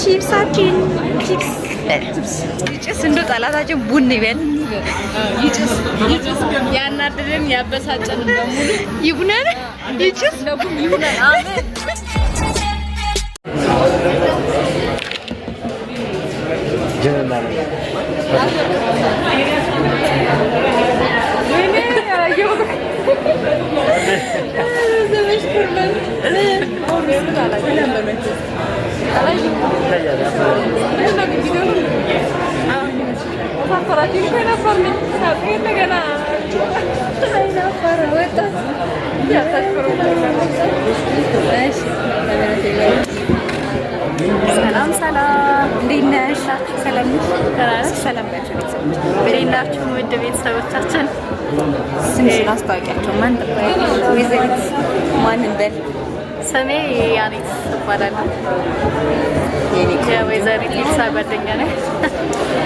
ቺፕሳችን ቺፕስ ይጭስንዶ ጠላታችን ቡን ይበል ያናድድን ያበሳጨን በሙሉ ይቡነን ይጭስ ይቡነን አሜን ጀነና ሰላም ሰላም፣ እንዴት ነሽ? ሰላም ነሽ? ሰላም ናቸው ውድ ቤተሰቦቻችን ስንሽን አስታወቂያቸው ማን ወይዘሪት ማንን በል ስሜ ያኔት እባላለሁ። የወይዘሪት ኤልሳ ጓደኛ ነኝ።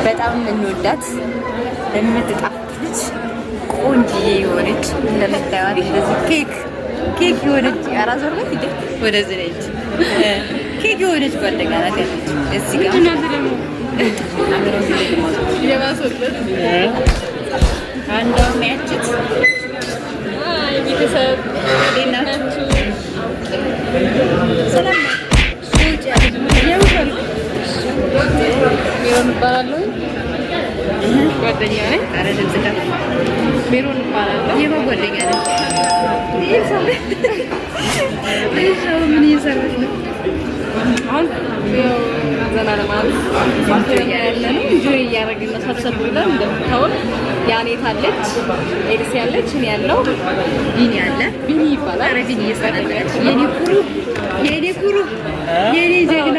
በጣም የምንወዳት የምትጣፍጥ ልጅ፣ ቆንጅዬ የሆነች እንደምታዩት እንደዚህ ኬክ ኬክ የሆነች አራስ ወር ቤት ወደዚህ ነች። ኬክ የሆነች ጓደኛ ናት ያለች እዚህ ጋር አንዷም ያችት ቤተሰብ ሜሮን እባላለሁ። የማ ጓደኛ ነች። ምን እየሰራች ነው? አሁን ያው ዘና ለማለት ያለ ነው። ኢንጆይ እያደረግን ነው ሰብሰብ ብለን እንደምታውን ያኔት አለች፣ ኤልስ ያለች፣ እኔ ያለው ቢኒ አለ። ቢኒ ይባላል። ኧረ ቢኒ እየሰራለች የኔ ኩሩ፣ የኔ ኩሩ፣ የኔ ጀግና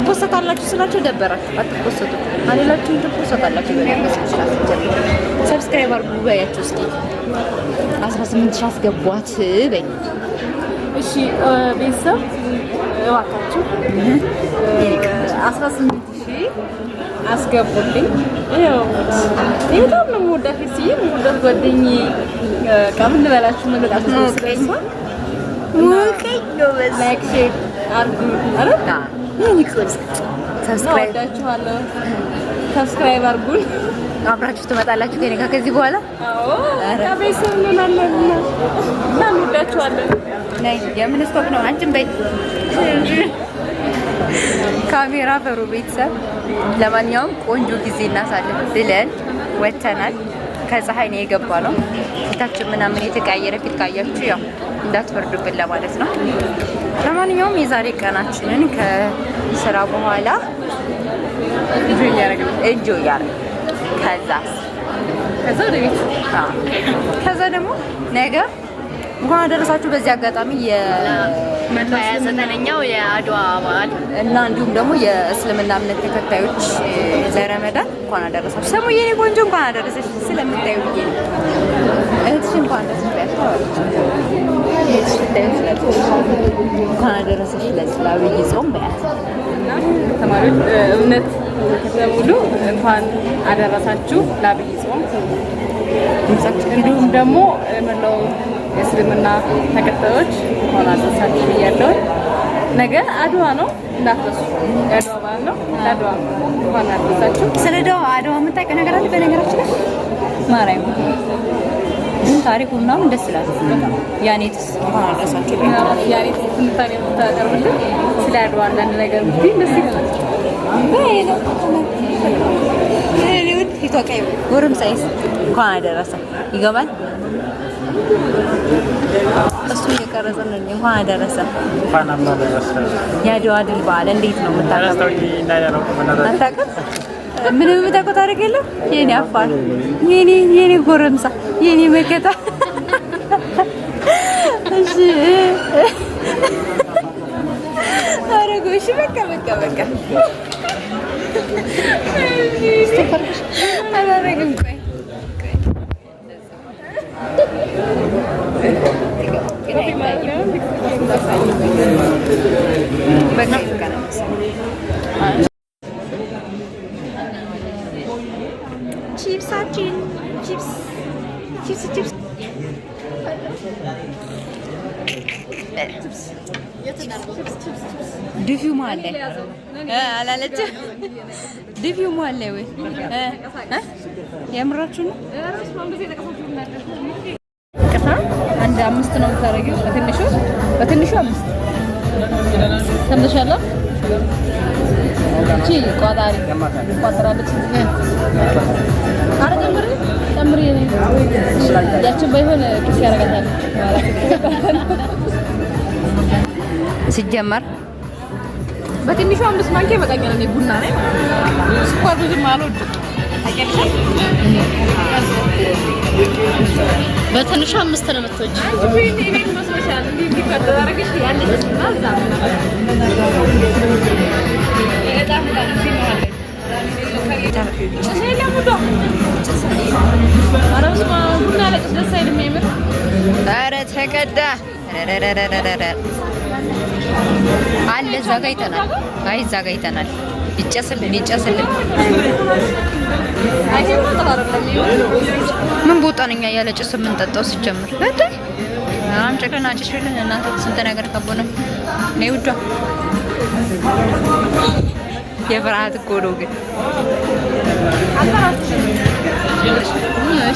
ትፖሰታላችሁ ስላችሁ ደበራችሁ። አትፖሰቱ አሌላችሁም ትፖሰታላችሁ። ሰብስክራይብ አርጉ በያችሁ እስኪ 18 ሺህ አስገቧት በይ። እሺ ቤተሰብ እባካችሁ ስምንት ሺ አስገቡልኝ። በጣም ነው የምወዳት ስዬ የምወዳት ጓደኝ ከምን ልበላችሁ መግለጣችሁ ስለሆነ ሞቀኝ ነው በዛ ላይክ ሼር አድርጉ። ሰብስክራይብ አድርጉን። አብራችሁ ትመጣላችሁ ከኔ ጋር ከዚህ በኋላ? አዎ። ቤተሰብ እንሆናለን እና እንወዳችኋለን። ነይ የምን ስቶክ ነው? አንቺም በይ ካሜራ ፈሩ ቤተሰብ። ለማንኛውም ቆንጆ ጊዜ እናሳለን ብለን ወተናል። ከፀሐይ ነው የገባ ነው። ፊታችን ምናምን የተቀያየረ ፊት ካያችሁ ያው እንዳትፈርዱብን ለማለት ነው። ለማንኛውም የዛሬ ቀናችንን ከስራ በኋላ እጆ እያለ ከዛ ከዛ ደግሞ ነገር እንኳን አደረሳችሁ። በዚህ አጋጣሚ የመቶያ ዘጠነኛው የአድዋ በዓል እና እንዲሁም ደግሞ የእስልምና እምነት ተከታዮች ለረመዳን እንኳን አደረሳችሁ። ሰሙ የኔ ቆንጆ እንኳን አደረሰች። ስለምታዩ እህትሽ እንኳን እንኳን አደረሰች ለጽላዊ ጾም በያት ተማሪዎች እምነት ሙሉ እንኳን አደረሳችሁ ለአብይ ጾም እንዲሁም ደግሞ መላው የእስልምና ተከታዮች ሆና ተሳት ነገ አድዋ ነው እንዳትረሱ። የአድዋ በዓል ነው። ለአድዋ እንኳን አደረሳችሁ። ስለ አድዋ አድዋ ነገር አለ? በነገራችን ላይ ማርያም ግን ታሪኩ ምናምን ደስ ይላል። ያኔትስ ያኔትስ ስለ አድዋ አንዳንድ ነገር ደስ ይላል። ኢትዮጵያ ጎረምሳይስ እንኳን አደረሰ። ይገባል። እሱ እየቀረጸ ነው። እንኳን አደረሰ። የአድዋ ድል በዓል እንዴት ነው የምታውቀው? አታውቅም? ምንም የምታውቀው ታሪክ የለም። የኔ አፋር፣ የኔ የኔ ጎረምሳ፣ የኔ መከታ እሺ Ora, gue sih mereka mereka mereka. Super. Ada lagi gue. Chips are ah, chips. Chips, chips, chips. ድፊው ማለ አላለች ድፊው ላይ ወይ የምራችሁ ነው። ቅርታ አንድ አምስት ነው የምታደርጊው። በትንሹ በትንሹ አምስት ሰምተሻለሁ። እቺ ቋጣሪ ቋጥራለች። አረ ጀምሪ እጃችን ባይሆን ኪስ ያደርጋታል። ሲጀመር በትንሹ አምስት ማንኪያ ይበቃኛል። እኔ ቡና ስኳር ብዙም አልወድም። በትንሹ አምስት ነው አለ እዛ ጋ ይተናል። አይ እዛ ጋ ይተናል። ይጨስልን ይጨስልን። ምን ቦጣንኛ ያለ ጭስ የምንጠጣው ሲጀምር እንዴ አም ጨክረን አጭሽልን እናንተ ስንት ነገር ከቦነ ነው ውዷ የፍርሃት ጎዶ ግን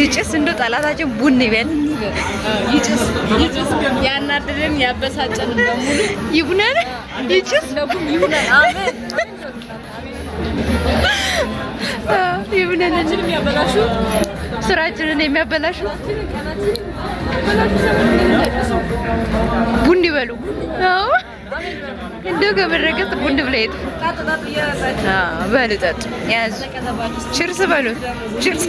ይጭስ እንዶ ጠላታችን ቡን ይበል ያናድድን ያበሳጨን በሙሉ ይቡናል ይጭስ የሚያበላሹ ስራችንን የሚያበላሹ ቡን ይበሉ አዎ እንደው ከመረገጥ ቡንድ ብላ ይጥፉ። በሉ ጠጡ፣ ያዙ፣ ችርስ በሉ፣ ችርስ